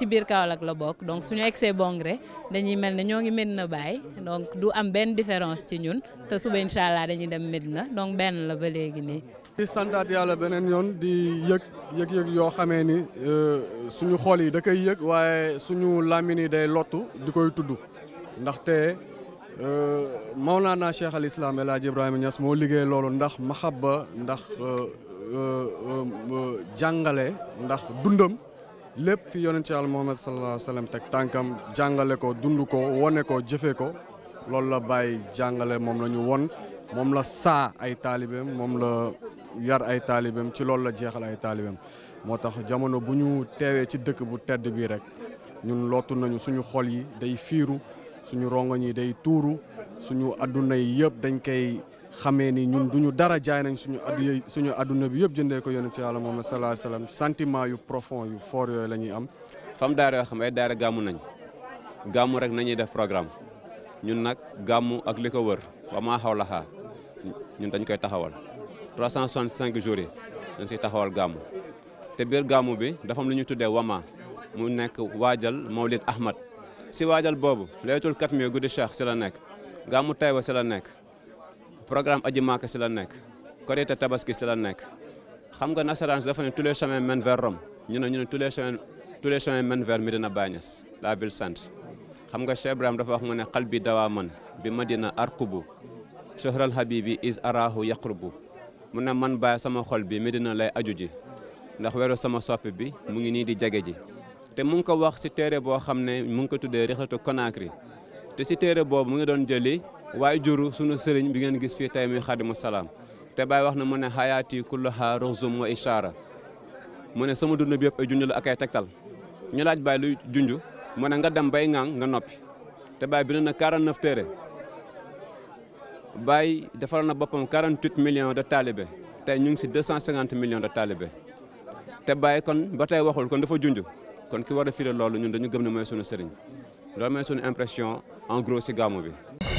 ci biir Kaolack la bokk donc su suñu egsee Bongré dañuy mel ne ñoo ngi na Baye donc du am benn différence ci ñun te suba incha allah dañuy dem na donc benn la ba léegi nii. di santaat yàlla beneen yoon di yëg yëg-yëg yoo xamee ni euh, suñu xool yi da koy yëg waaye suñu làmmin yi day lottu di koy tudd ndax ndaxte euh, Maulana Cheikh al Islam El Hadj Ibrahima Niass moo liggéey loolu ndax maxabba ndax euh, jàngale ndax dundam. lépp fi yonent ci yàlla Muhammad sallallahu alayhi wa sallam teg tànkam jàngale ko dund ko wone ko jëfee ko loolu la bàyyi jàngale moom lañu won moom la saa ay taalibeem moom la yar ay taalibeem ci loolu la jeexal ay taalibeem moo tax jamono bu ñu teewee ci dëkk bu tedd bii rek ñun lootu nañu suñu xol yi day fiiru suñu rongoñ yi day tuuru suñu àdduna yi yëpp dañ koy xamee ni ñun duñu dara jaay nañ suñu addu suñu adduna bi yëpp jëndee ko yonent ci yàlla moom sallallahu alayhi wasallam yu profond yu fort yooyu la ñuy am. fam daara yoo xam ne daara gàmmu nañ gàmmu rek nañuy def programme ñun nag gàmmu ak li ko wër wa maa xaw la xaa ñun dañ koy taxawal 365 jours yi dañ siy taxawal gàmmu te biir gàmmu bi dafa lu ñu tuddee wama mu nekk waajal Mawlid Ahmad si waajal boobu laytul katmiya guddi Cheikh si la nekk gàmmu Taïba si la nekk. programme aji Màkka si la nek Korite Tabaski ci la nek xam nga nasaraan dafa ne tous les chemins mènent vers Rome ñu ne ñu ne tous les chemins tous les chemins mènent vers Medina Baye la ville sainte xam nga Cheikh Ibrahim dafa wax mu ne qalbi dawa man bi Medina arqubu al habibi is arahu yaqrubu mu ne man Baye sama xol bi Medina lay aju ji ndax wéro sama soppi bi mu ngi ni di jege ji te mu ngi ko wax ci téré bo xamné mu ngi ko tuddé Rixlatu Conakry te ci téré boobu mu ngi doon jëlé waaye juru sunu serigne bi ngeen gis fi tey muy xadimu salaam te bay wax na mu ne kulluha wa ishara mu sama dund bi yëpp ay junj la ak ay tegtal ñu laaj bay lu junj mu nga dem bay ŋaang nga nopi te bay bind na 49 téere bay defal na bopam 48 millions de talibé tay ñu ngi ci 250 millions de talibé te bay kon batay waxul kon dafa junj kon ki wara filé lolu ñun dañu gëm né moy sunu sëriñ loolu mooy sunu impression en gros ci gamu bi.